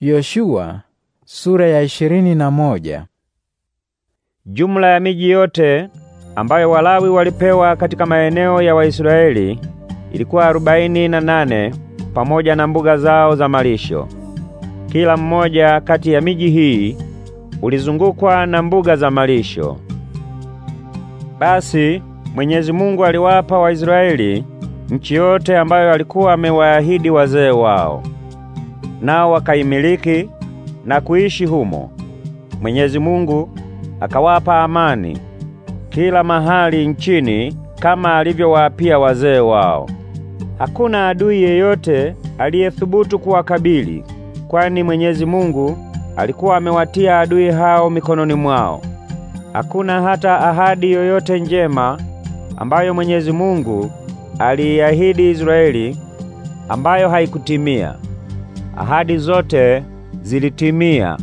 Yoshua sura ya ishirini na moja. Jumla ya miji yote ambayo Walawi walipewa katika maeneo ya Waisraeli ilikuwa arobaini na nane pamoja na mbuga zao za malisho. Kila mmoja kati ya miji hii ulizungukwa na mbuga za malisho. Basi Mwenyezi Mungu aliwapa Waisraeli nchi yote ambayo alikuwa amewaahidi wazee wao nao wakaimiliki na kuishi humo. Mwenyezi Mungu akawapa amani kila mahali nchini kama alivyowaapia wazee wao. Hakuna adui yeyote aliyethubutu kuwakabili, kwani Mwenyezi Mungu alikuwa amewatia adui hao mikononi mwao. Hakuna hata ahadi yoyote njema ambayo Mwenyezi Mungu aliahidi Israeli ambayo haikutimia. Ahadi zote zilitimia.